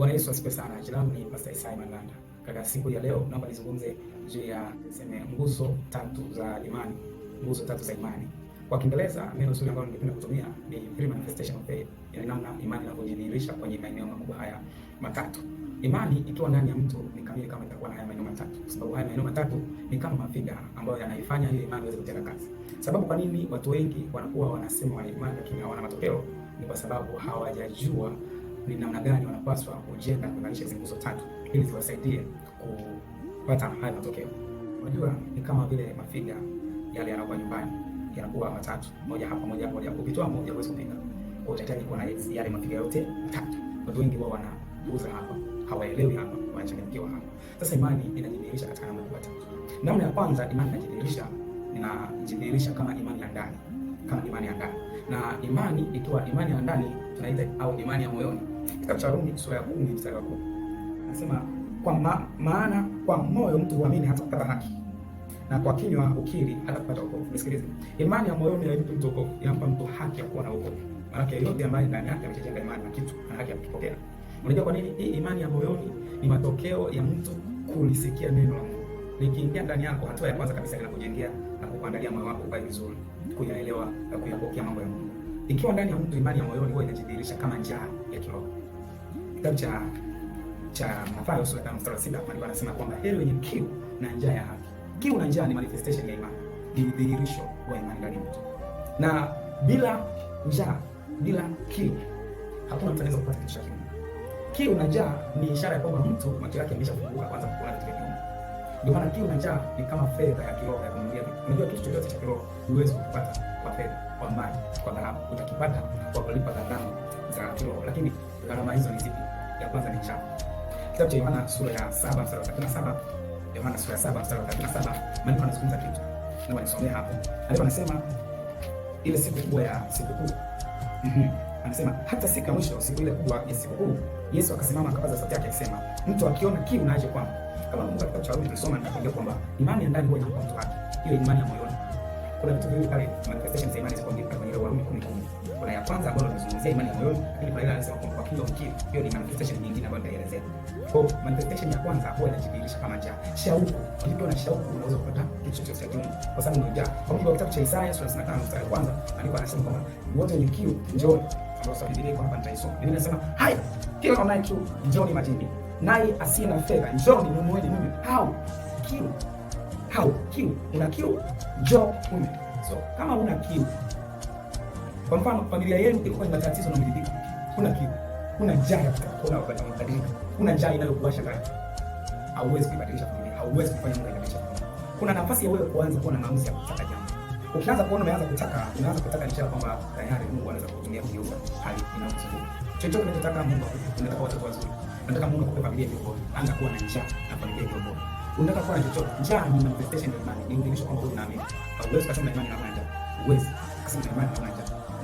Bwana Yesu asifiwe sana. Jina langu ni Pastor Isaya Malanda. Katika siku ya leo naomba nizungumze juu ya sema nguzo tatu za imani. Nguzo tatu za imani. Kwa Kiingereza neno zuri ambalo ningependa kutumia ni three manifestation of faith. Yaani namna imani inavyojidhihirisha kwenye maeneo makubwa haya matatu. Imani ikiwa ndani ya mtu ni kamili kama itakuwa na haya maeneo matatu. Kwa sababu haya maeneo matatu ni kama mafiga ambayo yanaifanya ile imani iweze kutenda kazi. Sababu kwa nini watu wengi wanakuwa wanasema wana imani lakini hawana matokeo? Ni kwa sababu hawajajua ni namna gani wanapaswa kujenga kuunganisha hizi nguzo tatu ili ziwasaidie kupata haya matokeo. Unajua, ni kama vile mafiga yale yanakuwa nyumbani yanakuwa matatu, moja hapa, moja hapo, moja hapo. Ukitoa moja huwezi kupika, kwa utahitaji kuwa na yale mafiga yote matatu. Watu wengi wao wanauza hapa, hawaelewi hapa, wanachanganyikiwa hapa. Sasa imani inajidhihirisha katika namna tatu. Namna ya kwanza, imani inajidhihirisha inajidhihirisha kama imani ya ndani, kama imani ya ndani, na imani ikiwa imani ya ndani tunaita au imani ya moyoni Kitabu cha Rumi sura ya kumi mstari wa kumi Anasema kwa ma, maana kwa moyo mtu huamini hata kupata haki na kwa kinywa ukiri hata kupata wokovu. Nisikilize. Imani ya moyoni ya mtu mtokovu inampa mtu haki ya kuwa na wokovu. Maana yote ambaye ndani yake amejenga imani na kitu ana haki ya kupokea. Unajua kwa nini? Hii imani ya moyoni ni matokeo ya mtu kulisikia neno la Mungu. Likiingia ndani yako, hatua ya kwanza kabisa inakujengea na kukuandalia moyo wako kwa vizuri, kuyaelewa na kuyapokea mambo ya Mungu. Ikiwa ndani ya mtu imani ya moyoni huwa inajidhihirisha kama njaa ya kiroho. Kitabu cha cha Mathayo sura ya 6 Marko anasema kwamba heri wenye kiu na njaa ya haki. Kiu na njaa ni manifestation ya imani, ni udhihirisho wa imani ndani ya mtu. Na bila njaa, bila kiu hakuna mtu anaweza kupata kitu cha kimungu. Kiu na njaa ni ishara ya kwamba mtu macho yake yameshafunguka kwanza kuona kitu cha kimungu. Ndio maana kiu na njaa ni kama fedha ya kiroho ya kununulia. Unajua kitu chochote cha kiroho huwezi kupata fedha kwa mbali kwa gharama utakipata kwa kulipa gharama za kiroho. Lakini gharama hizo ni zipi? Ya kwanza ni chako. Kitabu cha Yohana sura ya 7 mstari wa 37, Yohana sura ya 7 mstari wa 37, maandiko yanazungumza kitu na wanisomea hapo, alipo anasema ile siku kubwa ya siku kuu anasema hata siku ya mwisho, siku ile kubwa ya siku kuu, Yesu akasimama akapaza sauti yake akisema, mtu akiona kiu na aje kwangu. Kama Mungu katika cha Warumi tulisoma na kwamba imani ya ndani huwa inampa mtu wake, hiyo imani ya kuna vitu vingi pale manifestations za imani ziko ndivyo kwenye Warumi 10:10. Kuna ya kwanza ambayo tunazungumzia imani ya moyoni, lakini kwa ile anasema kwa kinywa mkiri, hiyo ni manifestation nyingine ambayo nitaelezea. Kwa manifestation ya kwanza huwa inajidhihirisha kama njaa. Shauku, ukiwa na shauku unaweza kupata kitu chochote cha Mungu kwa sababu ni njaa. Kwa hiyo kitabu cha Isaya sura ya 55 mstari wa kwanza andiko anasema kwamba wote ni kiu, njooni. Ambapo sasa Biblia iko hapa nitaisoma. Biblia inasema, "Hai, kila unaye kiu, njooni majini. Naye asiye na fedha, njooni mnunueni mimi." Hao kiu how kiu, una kiu njoo kunywe. So kama una kiu, kwa mfano familia yenu ilikuwa ina matatizo na mliliko, kuna kiu, kuna njaa, kuna wakati mabadiliko, kuna njaa inayokuwasha kaya, hauwezi kubadilisha familia, hauwezi kufanya mambo ya familia. Kuna nafasi ya wewe kuanza kuwa na maamuzi ya kutaka jambo. Ukianza kuona umeanza kutaka, unaanza kutaka ni kwamba tayari Mungu anaweza kutumia kugeuza hali inayokuzunguka. Chochote unachotaka Mungu, unataka watu wazuri, unataka Mungu akupe familia iliyo bora, anza kuwa na njaa na familia iliyo bora unataka kufanya chochote. Njaa ni manifestation ya imani, ni ujulisho kwamba unaamini. Hauwezi kusema imani na imani, huwezi kusema imani na imani.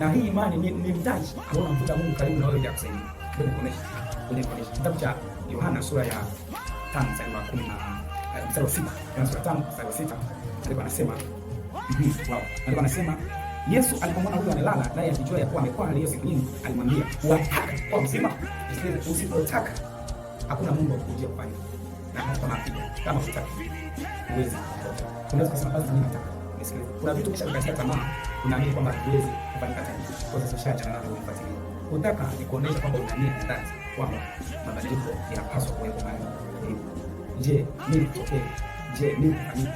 Na hii imani ni ni mtaji ambao unamvuta Mungu karibu na wewe ili akusaidia. Ndio kuonesha kwenye kuonesha kitabu cha Yohana sura ya 5 mstari wa 10 na eh, mstari wa 6 na sura 5 mstari wa 6 alikuwa anasema hivi, wow, alikuwa anasema Yesu alipomwona huyo analala, naye akijua ya kuwa amekuwa aliyo siku nyingi, alimwambia wataka kwa mzima, usipotaka hakuna Mungu akukujia kufanya na hata mapiga kama hutaki huwezi unaweza kusema basi mimi nataka nisikilize. Kuna vitu kisha ukatia tamaa, unaamini kwamba huwezi kufanya tena, kwa sababu ushachana navyo kufuatilia. Utaka ni kuonesha kwamba una nia dhati kwamba mabadiliko yanapaswa kuwepo mahali. Je, mimi nitokee? Je, mimi nifanyike?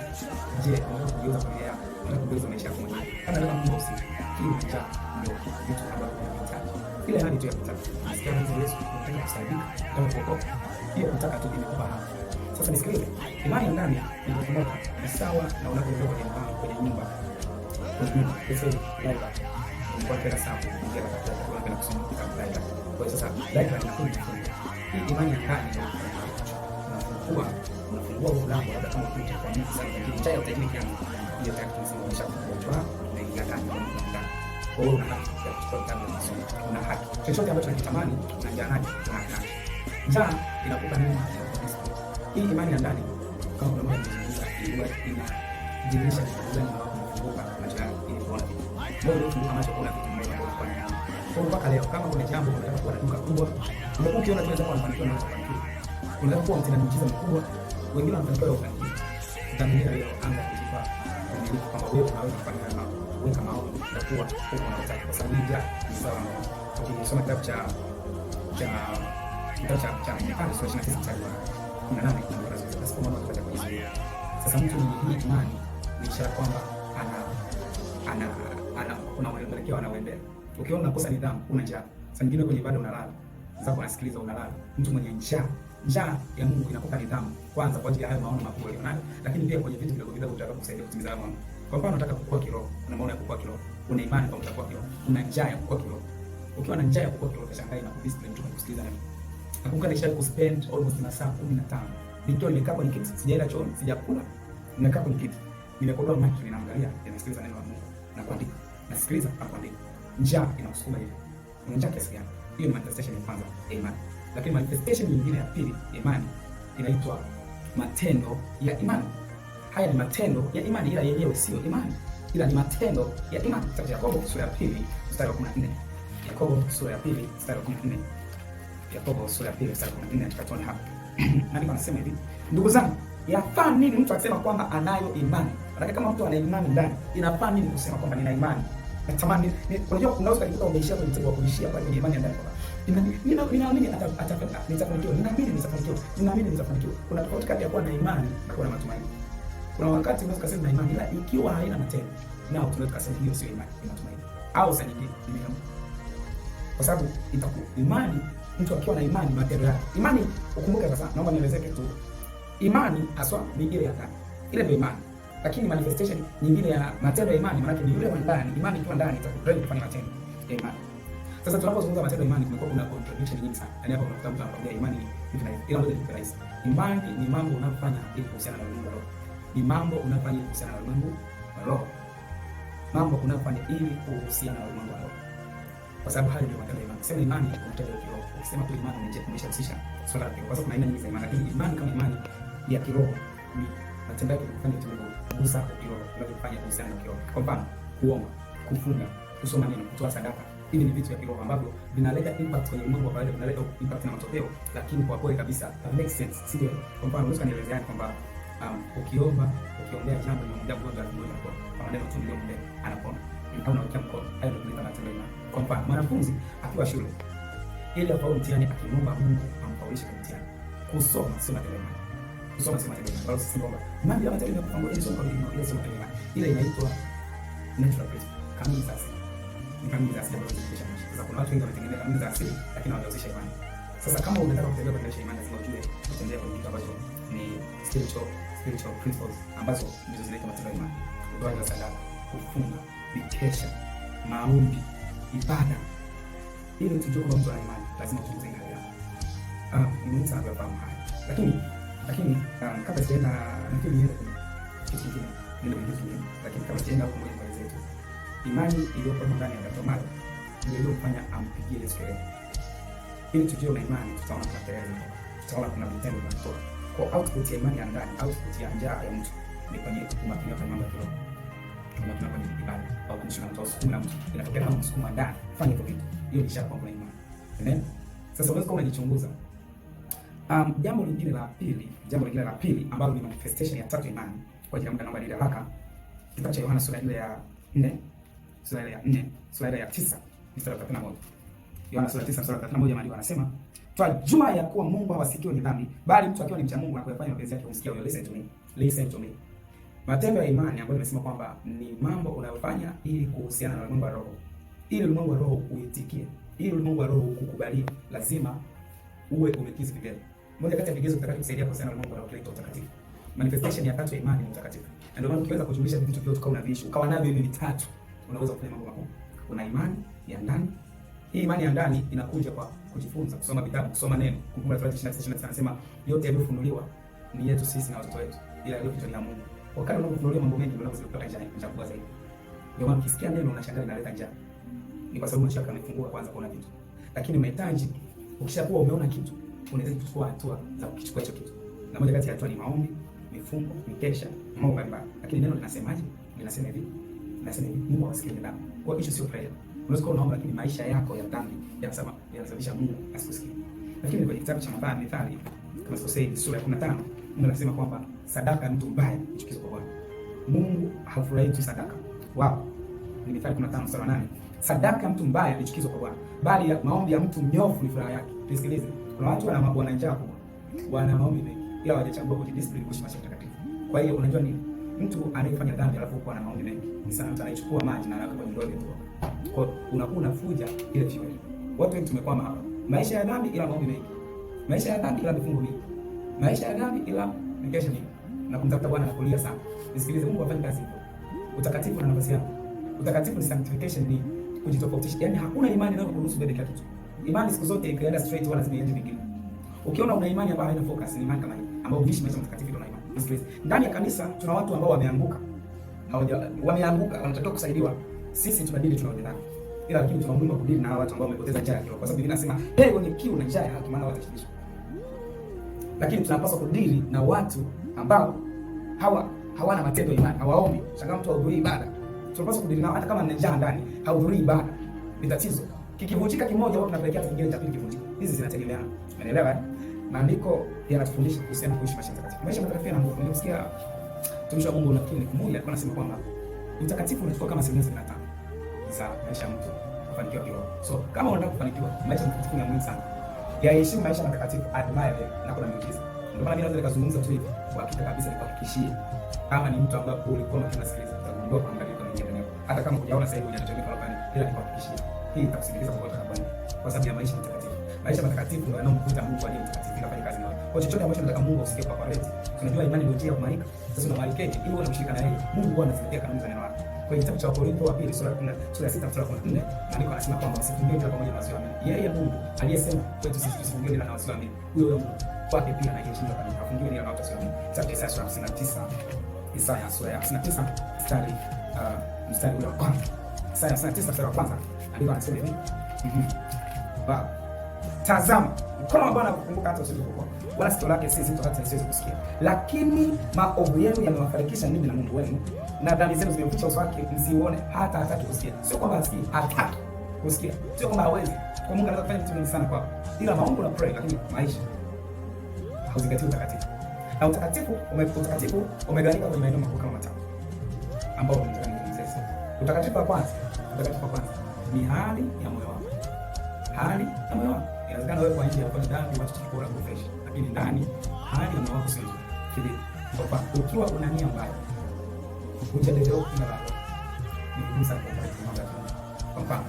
Je, unataka kugeuza familia yako? Unataka kugeuza maisha yako mwenyewe? Kama leo mtu usiku, kiu cha ndio vitu ambavyo unahitaji kila hali tu ya kutaka. Nasikia mtu Yesu anataka kusaidika kama kuokoka. Pia kutaka tu imekupa hapo. Sasa nisikilize. Imani ndani inapotoka ni sawa na unapotoka kwenye mlango kwenye nyumba. Sasa naomba kwa kila saa kuingia katika kwa kila kusoma kitabu hiki. Kwa hiyo sasa dakika inakuja. Hii imani ndani unafungua unafungua mlango labda kama kuja kwa mtu sana lakini chai utajini kiasi. Hiyo tayari tunasema kwa sababu na ingata kwa hiyo una haki, chochote ambacho unakitamani unaingia nacho, una haki. Njaa inakupa nini? Hii imani ya ndani kama kuna mmoja anazungumza, ilikuwa inajumuisha kuzungumza na kukumbuka macho yako ili kuona kitu. Moyo tu kama chakula kitu moja kwa moja. Kwa mpaka leo kama kuna jambo unataka kuwa na duka kubwa, umekuwa ukiona tunaweza kuwa mafanikio na mafanikio. Unaweza kuwa mtenda miujiza mkubwa, wengine wanafanikiwa kwa kufanikiwa. Tutaendelea leo anga kujipa kuamini kwamba wewe unaweza kufanya wewe kama huko kwa sababu Ukisoma kitabu cha cha kitabu cha cha kuna sasa, mtu imani ni ishara kwamba ana ana ana kuna mwelekeo anaoendea. Ukiona unakosa nidhamu, una njaa. Sasa nyingine kwenye ibada unalala, sasa unasikiliza unalala. Mtu mwenye njaa, njaa ya Mungu inakupa nidhamu kwanza kwa ajili ya hayo maono makubwa ulionayo, lakini pia kwenye vitu vidogo vidogo vitakavyokusaidia kutimiza hayo maono. Kwa mfano, unataka kukua kiroho, una maono ya kukua kiroho, una imani kwamba utakuwa kiroho, una njaa ya kukua kiroho. Ukiwa na njaa ya kukua kiroho, utashangaa na kudiscipline mtu anakusikiliza nani. Nakumbuka nishawahi kuspend almost masaa 15 nikiwa nimekaa kwenye kiti, sijaenda chooni, sijakula, nimekaa kwenye kiti, nimekodoa macho, ninaangalia, ninasikiliza neno la Mungu na kuandika, nasikiliza na kuandika. Njaa inakusukuma hivi, una njaa kiasi gani? Hiyo ni manifestation ya kwanza, ya imani. Lakini manifestation nyingine ya pili, ya imani inaitwa matendo ya imani. Haya ni matendo ya imani, ila yenyewe siyo imani, ila ni matendo ya imani. Kitabu cha Yakobo sura ya pili mstari wa 14. Yakobo sura ya pili mstari wa 14. Yakobo sura ya pili mstari wa 14, tukatoni hapa. Maandiko yanasema hivi, ndugu zangu, yafaa nini mtu akisema kwamba anayo imani? Maana kama mtu ana imani ndani, inafaa nini kusema kwamba nina imani? Natamani, unajua unaweza kujikuta umeishia kwenye mtego wa kuishia kwa imani ya ndani kwa ninaamini nitafanikiwa, ninaamini nitafanikiwa, ninaamini nitafanikiwa. Kuna tofauti kati ya kuwa na imani na kuwa na matumaini. Kuna wakati unaweza kusema na imani, ila ikiwa haina matendo, nao tunaweza kusema hiyo sio imani, ni matumaini au saa nyingine imeamka, kwa sababu itakuwa imani. Mtu akiwa na imani, matendo yake imani. Ukumbuke sasa, naomba nielezee kitu. Imani haswa ni ile ya ndani, ile ndio imani, lakini manifestation nyingine ya matendo ya imani, maana ni yule wa ndani. Imani ikiwa ndani, itakuwa kufanya matendo ya imani. Sasa tunapozungumza matendo ya imani kumekuwa kuna contradiction nyingi sana. Yaani hapa unakuta mtu anakuambia imani ni kitu rahisi. Ila ngoja nikupe rahisi. Imani ni mambo unayofanya ili kuhusiana na Mungu. Ni mambo unayofanya kuhusiana na Mungu wa roho. Mambo unayofanya ili kuhusiana na Mungu wa roho. Kwa sababu hayo ndio matendo ya imani. Sema imani ni matendo ya kiroho. Ukisema tu imani unaje kumesha linalojihusisha swala la kiroho. Kwa sababu kuna aina nyingi za imani, lakini imani kama imani ya kiroho ni matendo yake kufanya tendo kugusa kiroho, unachofanya kuhusiana na kiroho. Kwa mfano, kuomba, kufunga, kusoma neno, kutoa sadaka Hivi ni vitu vya kiroho ambavyo vinaleta impact kwenye ulimwengu wa kawaida, vinaleta impact na matokeo, lakini kwa kweli kabisa that makes sense, si ndio? Kwa mfano, unaweza nielezea kwamba um, ukiomba, ukiombea jambo na mmoja mmoja mmoja kwa maneno tu, ndio mbele anapona au na ukiamko, hayo ndio kuleta matendo mema. Kwa mfano, mwanafunzi akiwa shule ili afaulu mtihani, akimwomba Mungu amfaulishe kwa mtihani. Kusoma sio matendo mema, kusoma sio matendo mema, bali sisi kwamba mambo ya matendo mema kwa Mungu sio matendo mema, ile inaitwa natural grace, kanuni sasa ni kanuni za asili ambazo zinakuja. Sasa kuna watu wengi wanategemea kanuni za asili lakini hawajahusisha imani. Sasa kama unataka kutembea katika imani, lazima ujue kutembea kwa kitu ambacho ni spiritual spiritual principles ambazo ndizo zinaitwa matendo ya imani. Utoaji wa sadaka, kufunga, mikesha, maombi, ibada. Ili tujue kwamba mtu ana imani, lazima tuuze hali yako. Ah, ni mtu anafahamu haya. Lakini lakini um, kabla sijaenda nafikiri niende kwenye kitu kingine, niende kwenye kitu kingine, lakini kabla sijaenda huko kwenye mali zetu imani iliyoko ndani ya Bartimayo ndiyo iliyofanya ampigie Yesu kelele. Ili tujue na imani tutaona kuna tayari, tutaona kuna vitendo vya vinatoka. Kwa output ya imani ya ndani, output ya njaa ya mtu ni kwenye umakini kwa mambo ya kiroho. Tunakuwa kwenye ibada au kunishika mtu sukuma mtu inatokea kama msukuma ndani. Fanya hivyo vitu. Hiyo ni ishara kwamba imani. Amen. Sasa unaweza kama unajichunguza. Um, jambo lingine la pili, jambo lingine la pili ambalo ni manifestation ya tatu imani. Kwa ajili ya muda naomba ndio haraka. Kitabu cha Yohana sura ile ya 4 sura ya 4 sura ya 9 mstari wa 31. Yohana sura 9 mstari wa 31, maandiko anasema twajua ya kuwa Mungu hawasikio ni dhambi, bali mtu akiwa ni mcha Mungu na kuyafanya mapenzi yake humsikia huyo. Listen to me, listen to me. Matendo ya imani ambayo nimesema kwamba ni mambo unayofanya ili kuhusiana na ulimwengu wa roho, ili ulimwengu wa roho uitikie, ili ulimwengu wa roho ukukubalie, lazima uwe umekizi vigezo. Moja kati ya vigezo vitakavyokusaidia kuhusiana na ulimwengu wa roho ni utakatifu. Manifestation ya tatu ya imani ni utakatifu, na ndio maana ukiweza kujumlisha vitu vyote ukawa na vitu ukawa navyo hivi vitatu unaweza kufanya mambo makubwa. Kuna imani ya ndani. Hii imani ya ndani inakuja kwa kujifunza, kusoma vitabu, kusoma neno. Kumbuka Torati 26:26 anasema yote yaliyofunuliwa ni yetu sisi na watoto wetu, ila yaliyofichwa ni ya Mungu. Wakati unapofunuliwa mambo mengi, unaweza kupata njia njia kubwa zaidi. Ndio maana ukisikia neno unashangaa inaleta njaa, ni kwa sababu mashaka yamefunguka kwanza kuona kitu, lakini mahitaji, ukishakuwa umeona kitu, unaweza kuchukua hatua za kukichukua hicho kitu, na moja kati ya hatua ni maombi, mifungo, mikesha, mambo mbalimbali. Lakini neno linasemaje? Linasema hivi nasema hivi, Mungu awasikie ndani. Kwa hiyo sio prayer. Unaweza kuwa unaomba lakini maisha yako ya dhambi yanasema yanasababisha Mungu asikusikie. Lakini kwenye kitabu cha Mathayo mithali kama sikosei sura ya 15 Mungu anasema kwamba sadaka ya mtu mbaya ni chukizo kwa Bwana. Mungu hafurahi tu sadaka. Wow. ni Mithali 15 sura 8. Sadaka ya mtu mbaya ni chukizo kwa Bwana, bali maombi ya mtu mnyofu ni furaha yake. Tusikilize. Kuna watu wana wana njaa kubwa. Wana maombi mengi ila hawajachagua kujidiscipline kuishi maisha takatifu. Kwa hiyo unajua nini? mtu anayefanya dhambi alafu kuwa na maombi mengi ni sawa, mtu anaichukua maji na anaweka kwenye ndoo ile tu, kwa unakuwa unafuja ile jiwe. Watu wengi tumekwama hapa, maisha ya dhambi ila maombi mengi, maisha ya dhambi ila vifungo vingi, maisha ya dhambi ila nikesha nyingi na kumtafuta Bwana na kulia sana. Nisikilize, Mungu afanye kazi hiyo. Utakatifu na nafasi yako, utakatifu ni sanctification, ni kujitofautisha. Yani hakuna imani inayokuruhusu bebe kitu tu, imani siku zote ikaenda straight, wala zimeenda vingine. Ukiona una imani ambayo haina focus, ni imani kama hii ambayo unaishi maisha mtakatifu Kristo. Ndani ya kanisa tuna watu ambao wameanguka, wameanguka wanatakiwa kusaidiwa. Sisi tunadili tunaonekana, ila lakini tuna umuhimu kudili na hawa watu ambao wamepoteza njia ya kiroho, kwa sababu Biblia inasema leo ni kiu na njia ya haki, maana watashibishwa. Lakini tunapaswa kudili na watu ambao hawa hawana matendo imani, hawaombi. Shangaa mtu hahudhurii ibada, tunapaswa kudili nao, hata kama ni njaa ndani, hahudhurii ibada, ni tatizo. Kikivunjika kimoja, wao tunapelekea kingine cha pili kivunjika. Hizi zinategemeana, umeelewa eh? Maandiko yanatufundisha kuhusiana kuishi maisha matakatifu. Maisha matakatifu yana nguvu. Nimesikia mtumishi wa Mungu nafikiri Nikumuli alikuwa anasema kwamba utakatifu unachukua kama asilimia sabini na za maisha ya mtu kufanikiwa kiroho. So kama unataka kufanikiwa, maisha matakatifu ni muhimu sana. Yaheshimu maisha matakatifu, admire na kuna miujiza. Ndio maana mimi naweza nikazungumza tu hivi kwa hakika kabisa, nikuhakikishie kama ni mtu ambaye ulikuwa makini sikiliza, utagundua kwamba ndio kama mwenyewe hata kama hujaona sasa hivi kwa bani, ila nikuhakikishie hii itakusaidia kwa kwa sababu ya maisha matakatifu maisha matakatifu ndio yanamkuta mtu aliye mtakatifu kufanya kazi nawe. Kwa chochote ambacho unataka Mungu usikie kwa pareti. Tunajua imani ndio njia ya kumalika. Sasa unamalikeje ili uwe unamshirika na yeye? Mungu huwa anazingatia kanuni za neno lake. Kwa kitabu cha Wakorintho wa pili sura ya sita mstari wa kumi na nne maandiko yanasema kwamba msifungie jila pamoja na wasioamini. Yeye Mungu aliyesema kwetu sisi tusifungie jila na wasioamini, huyo huyo Mungu kwake pia anaheshimu kanuni, hafungiwi jila na wasioamini. Sasa Isaya sura ya 59 Isaya sura ya 59 mstari ah, mstari wa kwanza Isaya hamsini na tisa mstari wa kwanza andiko anasema hivi mhm. Tazama mkono ambao nakukumbuka hata usipokuwa wala sikio lake sisi mtu hata siwezi kusikia, lakini maovu yenu yamewafarikisha mimi na Mungu wenu, na dhambi zenu zimeficha uso wake msiuone, hata hataki kusikia. Sio kwamba hasikii, hataki kusikia, sio kwamba hawezi. Kwa Mungu anaweza kufanya vitu vingi sana kwako, ila maombi na pray, lakini maisha hauzingatii utakatifu, na utakatifu ume utakatifu umegawanyika kwenye maeneo makuu kama matatu ambao tunataka nizungumzie sasa. Utakatifu wa kwanza, utakatifu wa kwanza ni hali ya moyo wako hali na moyo wako. Inawezekana wewe kwa nje hapo ndani watu wako la kufresh, lakini ndani hali ya moyo wako sio kile. Kwa ukiwa una nia mbaya, hujaelewa kuna raha. Ni ngumu sana kwa mtu kwa mfano,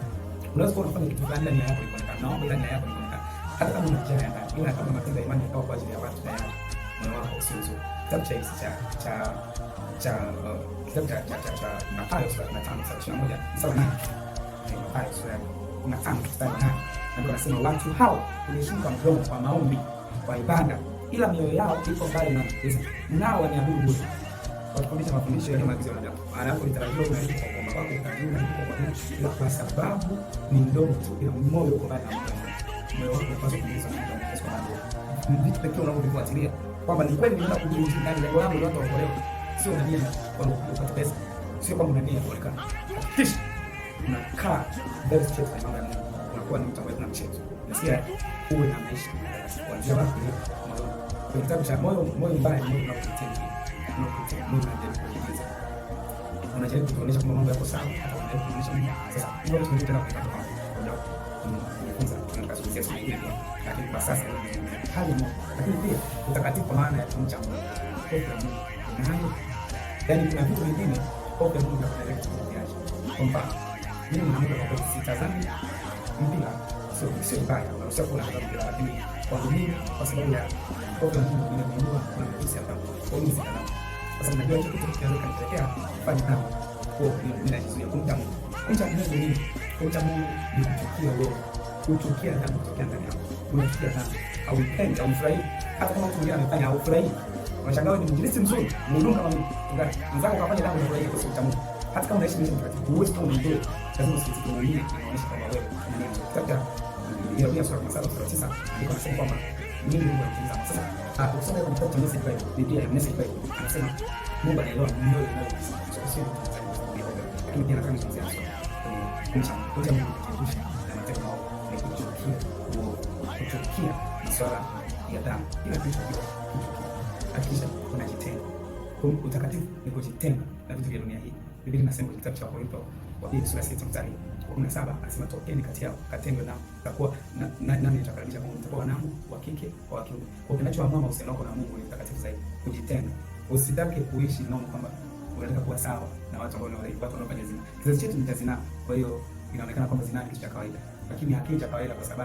unaweza kuwa unafanya kitu fulani ndani yako iko naomba ndani yako iko hata kama una jana ndani, ila kama matendo ya imani yako kwa ajili ya watu tayari, moyo wako sio nzuri. Kitabu cha cha cha cha kitabu cha cha cha Mathayo sura ya 5 sura ya 21 sura ya 8 Mathayo sura ya 5 sura ya 8 na ndio anasema watu hao ulishuka mdomo kwa maombi kwa ibada, ila mioyo yao iko mbali na Kristo, nao wanaabudu Mungu kwa kufundisha mafundisho yale maagizo ya Mungu. Maana yako litarajiwa na hiyo kwa sababu kwa na kwa Mungu, kwa sababu ni mdomo tu, ila moyo uko mbali na Mungu. Moyo wako unapaswa kuuliza Mungu kwa sababu ni vitu pekee unavyofuatilia kwamba ni kweli nenda kujiuliza ndani ya wangu watu wakolewa, sio na mimi kwa kupata pesa, sio kwa na mimi kuonekana. kisha unakaa very straight na mambo ya Mungu kuwa na mtawazi na mchezo. Nasikia uwe na maisha kuanzia wapi? Kwa kitabu cha moyo moyo mbaya ni moyo unaokutenga. Unajaribu kutuonyesha kwamba mambo yako sawa. Unajaribu kuonyesha mimi. Sasa hiyo ndio tunataka kupata kwa. Kwanza tunakazungumzia sana hivi. Lakini kwa sasa hali ni lakini pia utakatifu kwa maana ya kumcha Mungu. Na hayo yani kuna vitu vingine kwa Mungu na kwa kwa mfano mimi na Mungu kwa sitazami 인비나 세우바이 세우나 하랍니다 아니 어디 어서야 어떤 분이 누구와 그런 시야다 어느 시야다 어서 내가 이렇게 그렇게 하는 게 아니라 반다 고 그냥 이제 공장 공장은 우리 공장은 미국이요 우주기야 난 우주기야 난 우주기야 난 au pen trong frei hata kama kulia amefanya au frei unashangaa ni mjilisi mzuri mhudumu kama mgani mzako kafanya damu frei kwa sababu hata kama unaishi maisha mtakatifu huwezi kuwa mzuri Lazima usichukulie kinaonyesha kama wewe unacho. Labda ndio pia sura ya 7:9 iko nasema kwamba mimi ndio nafunza. Sasa akisoma ah, kwa mtoto ni sifa hiyo. Biblia ni sifa hiyo. Anasema Mungu anaelewa mioyo inayohisi. Sasa sio lakini pia nakana kuzungumzia sura. Kumcha kuja Mungu kutukumbusha na matendo yao. Ni kuchukia uongo. Kuchukia ni swala ya damu. Ila pia hakikisha unajitenga. Utakatifu ni kujitenga na vitu vya dunia hii. Biblia inasema kitabu cha Korintho Warumi sura sita mstari wa kumi na saba anasema tokeni kati yao, katengwe nao, takuwa nami nitakaribisha Mungu, nitakuwa wanangu wa kike kwa wa kiume. Kwa kinachoamua mahusiano yako na Mungu ni mtakatifu zaidi, kujitenga. Usitake kuishi nao kwamba unataka kuwa sawa na watu ambao watu wanaofanya zina. Kizazi chetu ni cha zinaa, kwa hiyo inaonekana kwamba zina ni kitu cha kawaida, lakini hakija kawaida kwa sababu